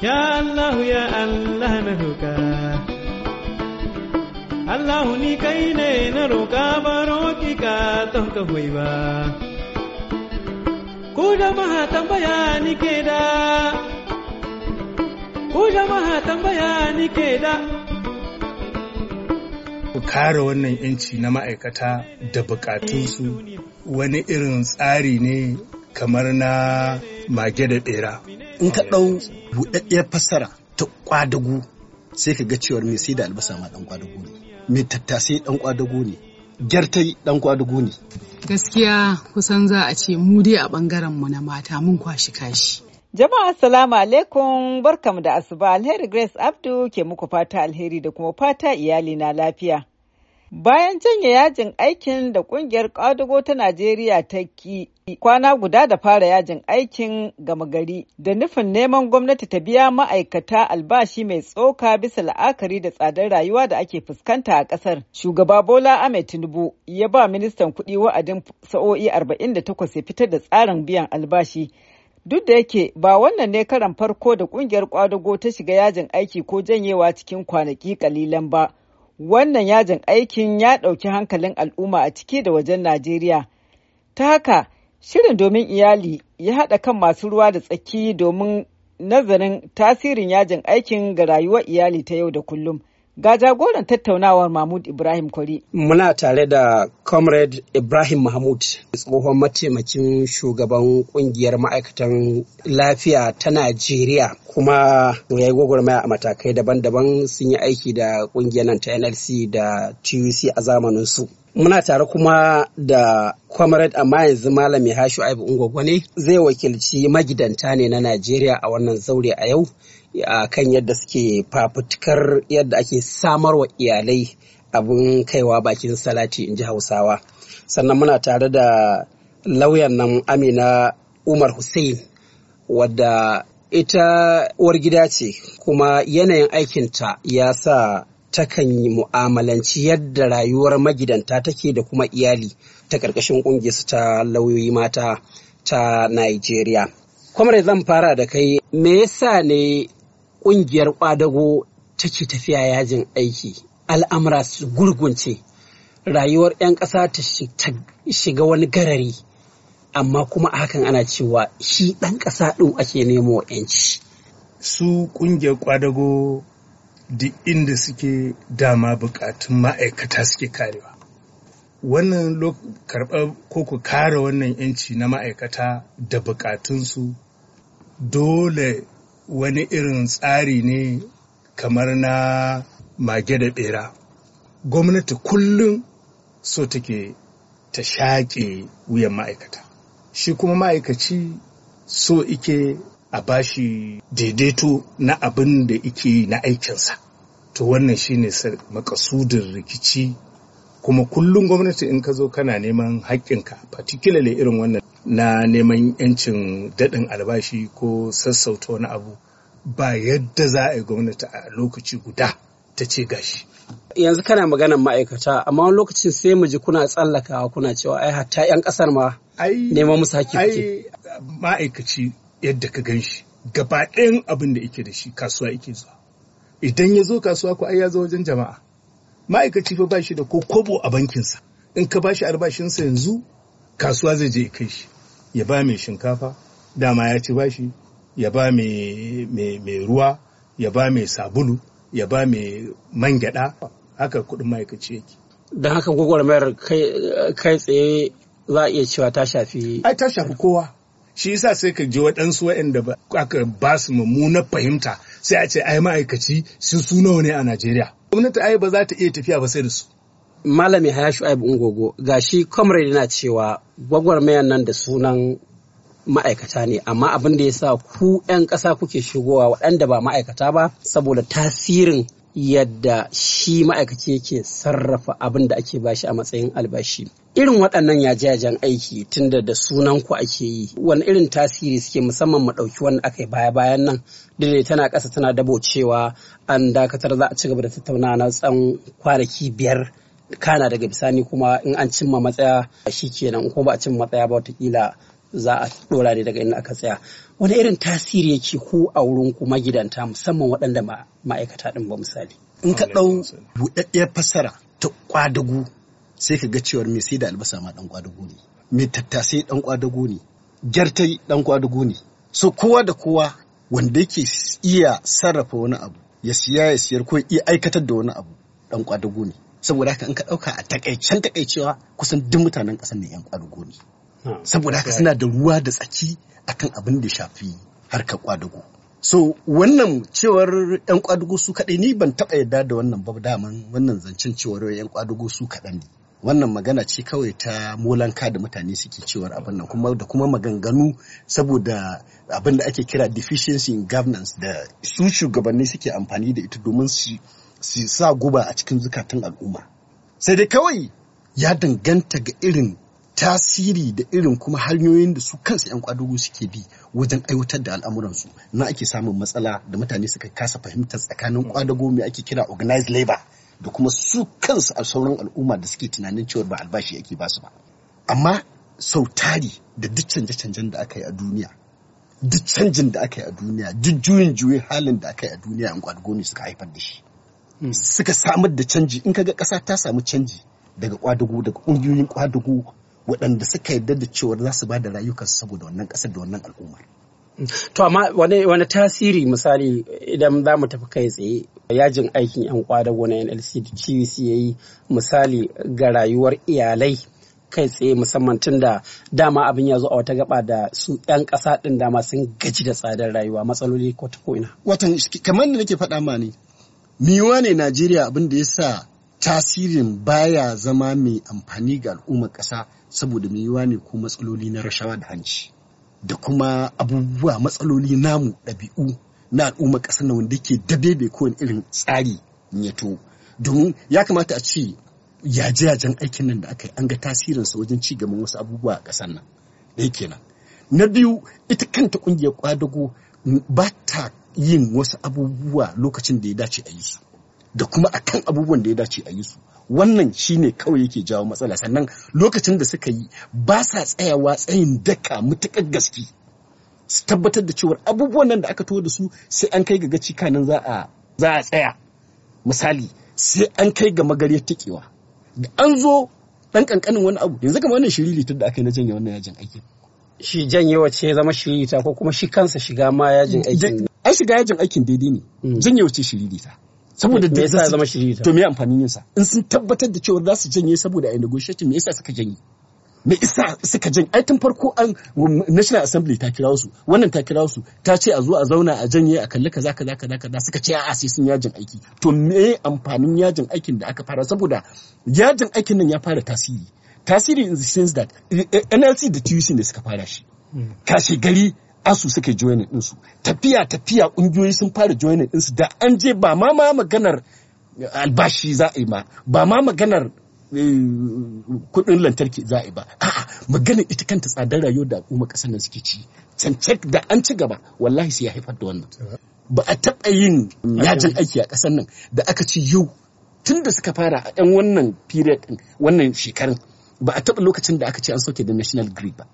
Ya Allah ya Allah na roƙa Allah ni kai ne na roƙa baro ki ka ton ka hoyi Ku jama'a tambaya ni ke da Ku jama'a tambaya ni ke da Ku kare wannan yanci na ma'aikata da bukatunsu wani irin tsari ne kamar na mage da bera in ka ɗau buɗaɗɗiyar fassara ta kwadago sai ka ga cewar mai sai da albasa ma ɗan kwadago ne mai tattasai ɗan kwadago ne gyartai ɗan kwadago ne gaskiya kusan za a ce mu dai a ɓangaren mu na mata mun kwashi kashi Jama'a assalamu alaikum barkamu da asuba alheri Grace Abdu ke muku fata alheri da kuma fata iyali na lafiya. Bayan janye yajin aikin da kungiyar ƙwadago ta Najeriya ta ki kwana guda da fara yajin aikin gama gari da nufin neman gwamnati ta biya ma'aikata albashi mai tsoka bisa la'akari da tsadar rayuwa da ake fuskanta a ƙasar. Shugaba Bola Ahmed Tinubu ya ba ministan kuɗi wa'adin sa'o'i 48 ya fitar da tsarin biyan albashi. Duk da yake ba wannan ne karan farko da kungiyar ƙwadago ta shiga yajin aiki ko janyewa cikin kwanaki kalilan ba. Wannan yajin aikin ya ɗauki hankalin al'umma a ciki da wajen Najeriya. Ta haka, shirin domin iyali ya haɗa kan masu ruwa da tsaki domin nazarin tasirin yajin aikin ga rayuwar iyali ta yau da kullum. Ga jagoran tattaunawar Mahmud Ibrahim Kwari. Muna tare da Comrade Ibrahim Mahmud, tsohon mataimakin shugaban kungiyar ma'aikatan lafiya ta Najeriya kuma ya yi gwagwarmaya a matakai daban-daban sun yi aiki da kungiyar nan ta NLC da TUC a zamanin su. Muna tare kuma da Comrade amma yanzu Malami Hashu Aibu Ungwagwane zai wakilci magidanta ne na Najeriya a wannan zaure a yau. a kan yadda suke fafutukar yadda ake samarwa iyalai abin kaiwa bakin salati in ji hausawa sannan muna tare da lauyan nan amina umar hussein wadda ita uwar gida ce kuma yanayin aikinta ya sa takan yi mu'amalanci yadda rayuwar magidanta take da kuma iyali ta ƙarƙashin su ta lauyoyi mata ta Najeriya. Kwamre zan fara da kai me yasa ne ƙungiyar ƙwadago take tafiya yajin aiki al'amura su gurgunce rayuwar 'yan ƙasa ta shiga wani garari amma kuma hakan ana cewa shi ɗan ƙasa ɗin ake nemo 'yanci. su ƙungiyar ƙwadago duk inda suke dama buƙatun ma'aikata suke karewa wannan karɓar ko ku kare wannan 'yanci na ma'aikata da buƙatunsu dole wani irin tsari ne kamar na mage da bera gwamnati kullum so take ta shaƙe wuyan ma'aikata shi kuma ma'aikaci so ike a bashi daidaito na abin da ike na aikinsa to wannan shine makasudin rikici kuma kullum gwamnati in ka zo kana neman haƙƙinka particularly irin wannan na neman 'yancin daɗin albashi ko sassauta wani abu ba yadda za a yi gwamnati a lokaci guda ta ce gashi yanzu kana maganar ma'aikata amma wani lokacin sai mu ji kuna tsallakawa kuna cewa ai hatta 'yan ƙasar ma neman musu haƙƙi ke. ma'aikaci yadda ka gan shi gaba ɗayan abin da yake da shi kasuwa yake zuwa idan ya zo kasuwa ko ai ya zo wajen jama'a ma'aikaci fa bashi da ko kobo a bankinsa in ka bashi shi albashinsa yanzu kasuwa zai je kai shi ya ba mai shinkafa dama ya ci bashi ya ba mai ruwa ya ba mai sabulu ya ba mai man gyada haka kudin ma'aikaci yake don haka gwagwarmayar kai tsaye za a iya cewa ta shafi ai ta shafi kowa shi yasa sai ka je waɗansu waɗanda aka ba su mummunar fahimta sai a ce ai ma'aikaci sun su nawa ne a Najeriya gwamnati ai ba za ta iya tafiya ba sai da su malami haya shu'aibu ungogo shi comrade yana cewa gwagwarmayar nan da sunan ma'aikata ne amma abin da ya sa ku 'yan ƙasa kuke shigowa waɗanda ba ma'aikata ba saboda tasirin yadda shi ma'aikaci yake sarrafa abin da ake bashi a matsayin albashi irin waɗannan ya jajen aiki tunda da sunan ku ake yi wani irin tasiri suke musamman mu ɗauki wanda aka yi baya bayan nan dole tana ƙasa tana dabo cewa an dakatar za a ci gaba da tattauna na tsan kwanaki biyar kana daga bisani kuma in an cimma matsaya shi kenan ko ba a cimma matsaya ba watakila za a dora ne daga inda aka tsaya wani irin tasiri yake ku a wurin ku magidanta musamman waɗanda ma'aikata ɗin ba misali in ka ɗau buɗaɗɗiyar fassara ta ƙwadagu sai ka ga cewar mai sai da albasa ma ɗan ƙwadagu ne mai tattasai ɗan ƙwadagu ne gyartai ɗan ƙwadagu ne so kowa da kowa wanda yake iya sarrafa wani abu ya siya ya siyar ko iya aikatar da wani abu ɗan ƙwadagu ne saboda haka in ka ɗauka a takaicen takaicewa kusan duk mutanen ƙasar ne ƴan ƙwadagu ne. saboda haka suna da ruwa da tsaki akan abin da shafi harkar kwadugu so wannan cewar yan kwadugu su kaɗai ni ban taɓa yarda da wannan ba daman wannan zancen cewar yan kwadugu su kaɗan ne wannan magana ce kawai ta molanka da mutane suke cewar abin nan kuma da kuma maganganu saboda abin da ake kira deficiency in governance da su shugabanni suke amfani da ita domin su sa guba a cikin zukatan al'umma sai dai kawai ya danganta ga irin tasiri da irin kuma hanyoyin da su kansu 'yan kwadugu suke bi wajen aiwatar da al'amuransu na ake samun matsala da mutane suka kasa fahimtar tsakanin kwadago mai ake kira organized labor da kuma su kansu a sauran al'umma da suke tunanin cewa ba albashi ake ba su ba amma sau tari da duk canje-canjen da aka yi a duniya duk canjin da aka yi a duniya duk juyin juyin halin da aka yi a duniya yan kwadugo ne suka haifar da shi hmm. suka samar da canji in kaga ƙasa ta samu canji daga kwadugo daga ƙungiyoyin kwadugo waɗanda suka yarda da cewa za su ba da rayukansu saboda wannan ƙasar da wannan al'ummar. To amma wani tasiri misali idan za mu tafi kai tsaye yajin aikin 'yan kwadago gona NLC da CVC ya yi misali ga rayuwar iyalai kai tsaye musamman tun da dama abin ya zo a wata gaba da su 'yan ƙasa ɗin dama sun gaji da tsadar rayuwa matsaloli ko ta ko'ina. Watan kamar da nake faɗa ma ne, miwa ne Najeriya abin da ya sa tasirin baya zama mai amfani ga al'ummar ƙasa saboda mai yiwa ne ko matsaloli na rashawa da hanci da kuma abubuwa matsaloli namu ɗabi'u na al'ummar ƙasar na wanda ke dabebe kowane irin tsari ya to domin ya kamata a ce yaje-yajen aikin nan da aka yi an ga tasirinsa wajen ci gaban wasu abubuwa a ƙasar nan ɗaya kenan na biyu ita kanta ƙungiyar ƙwadago ba ta yin wasu abubuwa lokacin da ya dace a yi su da kuma akan abubuwan da ya dace a yi su wannan shi ne kawai yake jawo matsala sannan lokacin da suka yi ba sa tsayawa tsayin daka mutuƙar gaske su tabbatar da cewar abubuwan nan da aka taho da su sai an kai ga gaci kanin za a tsaya misali sai an kai ga magariyar tikewa da an zo dan kankanin wani abu yanzu kamar wannan shiri litar da aka yi na janye wannan yajin aikin shi janyewa ce zama ta ko kuma shi kansa shiga ma yajin aikin ai shiga yajin aikin daidai ne hmm. wace ce ta. saboda da yasa zama shirita to me amfanin yin in sun tabbatar da cewa za su janye saboda ai negotiation me yasa suka janye me isa suka janye ai tun farko an national assembly ta kira su wannan ta kira su ta ce a zo a zauna a janye a kalli kaza kaza kaza kaza suka ce a'a sai sun yajin aiki to me amfanin yajin aikin da aka fara saboda yajin aikin nan ya fara tasiri tasiri in the sense that eh, eh, NLC da TUC ne suka fara shi hmm. kashe gari asu suke joinin ɗinsu tafiya tafiya ƙungiyoyi sun fara joinin ɗinsu da an je ba ma ma maganar eh, albashi za a yi ma ba ma maganar eh, kuɗin lantarki za a yi ba a'a maganar ita kanta tsadar rayuwar da al'umma ƙasar nan suke ci cancak da an ci gaba wallahi sai ya haifar da wannan ba a taɓa yin yajin aiki a ƙasar nan da aka ci yau tun da suka fara a ɗan wannan period wannan shekarun ba a taɓa lokacin da aka ce an soke da national grid ba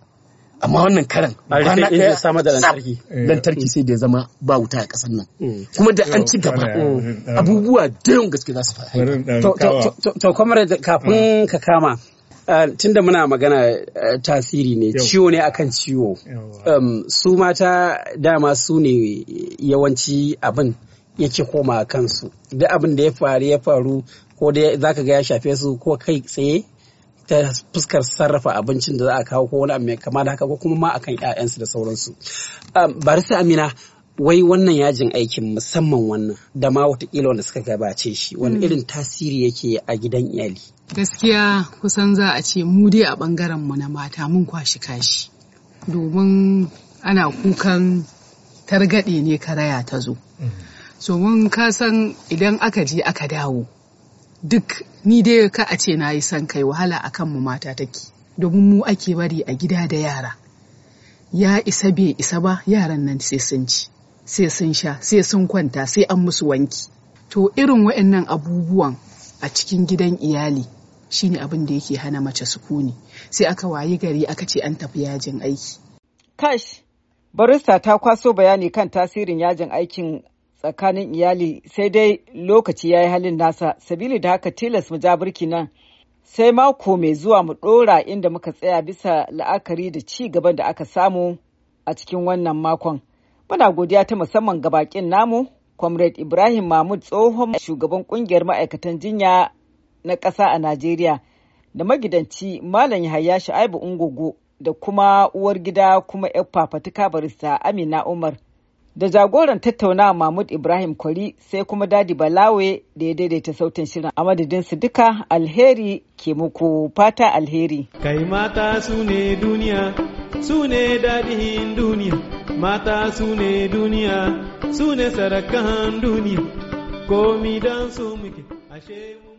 amma wannan karan kwana ɗaya sama da lantarki eh. lantarki sai da ya zama ba wuta a ƙasar nan mm. kuma da an ci gaba mm. abubuwa da yawan gaske za su faru to kamar kafin mm. ka kama eh, tunda muna magana eh, tasiri ne ciwo ne akan ciwo um, su mata dama su ne yawanci abin yake koma kansu da abin da ya faru ya faru ko da za ka ga ya shafe su ko kai tsaye ta fuskar sarrafa abincin da za a kawo ko wani abu mai kama da haka ko kuma ma akan 'ya'yansu da sauransu um, barista amina wai wannan yajin aikin musamman wannan da ma watakila wanda suka gabace shi wani hmm. irin tasiri yake a gidan iyali gaskiya kusan za a ce mu dai a bangaren mu na mata mun kwashi kashi domin ana kukan targaɗe ne karaya ta zo domin hmm. ka san idan aka je aka dawo duk ni dai ka a ce na yi son kai wahala a kanmu mata take domin mu ake bari a gida da yara ya isa bai isa ba yaran nan sai sun ci sai sun sha sai sun kwanta sai an musu wanki to irin waɗannan abubuwan a cikin gidan iyali shine abin da yake hana mace sukuni sai aka wayi gari aka ce an tafi yajin aiki kash barista ta kwaso bayani kan tasirin yajin aikin tsakanin iyali sai dai lokaci ya yi halin nasa sabili da haka tilas mu birki nan sai mako mai zuwa mu ɗora inda muka tsaya bisa la'akari da ci gaban da aka samu a cikin wannan makon. Muna godiya ta musamman ga bakin namu, Comrade Ibrahim Mahmud tsohon shugaban kungiyar ma'aikatan jinya na ƙasa a Najeriya, da magidanci Malam Yahaya Shu'aibu Ungogo da kuma uwar gida kuma 'yar fafatuka barista Amina Umar. da jagoran tattaunawa Mahmud Ibrahim Kwari sai kuma Dadi Balawe da ya daidaita sautin shirin a madadin su duka alheri ke muku fata alheri. Kai mata su ne duniya, su ne dadihin duniya, mata su ne duniya, su ne sarakan duniya, komi don su muke, ashe mu.